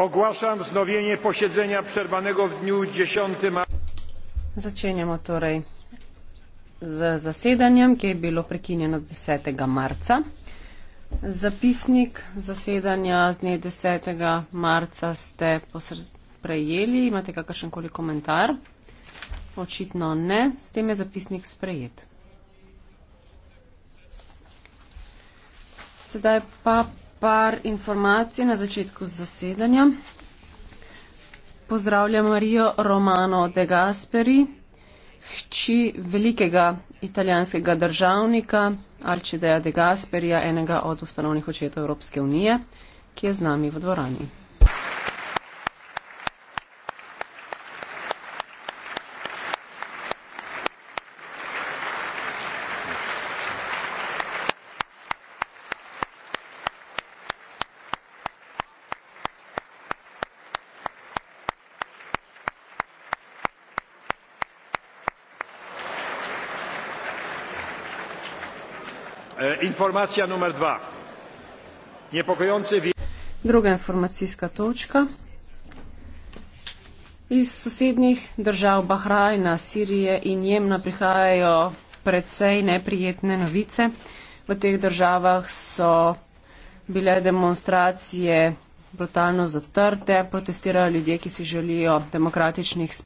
Ogłaszam wznowienie posiedzenia przerwanego w dniu 10 marca. Začenjamo torej z zasedanjem, ki je bilo prekinjeno 10. marca. Zapisnik zasedanja z dne 10. marca ste prejeli. Imate kakršenkoli komentar? Očitno ne. S tem je zapisnik sprejet. Sedaj pa par informacij na začetku zasedanja. Pozdravljam Marijo Romano de Gasperi, hči velikega italijanskega državnika Arčideja de Gasperija, enega od ustanovnih očetov Evropske unije, ki je z nami v dvorani. E, informacija numer dva. Niepokojące... Druga informacijska točka. Iz sosednjih držav Bahrajna, Sirije in Jemna prihajajo predvsej neprijetne novice. V teh državah so bile demonstracije brutalno zatrte, protestirajo ljudje, ki si želijo demokratičnih spremenb.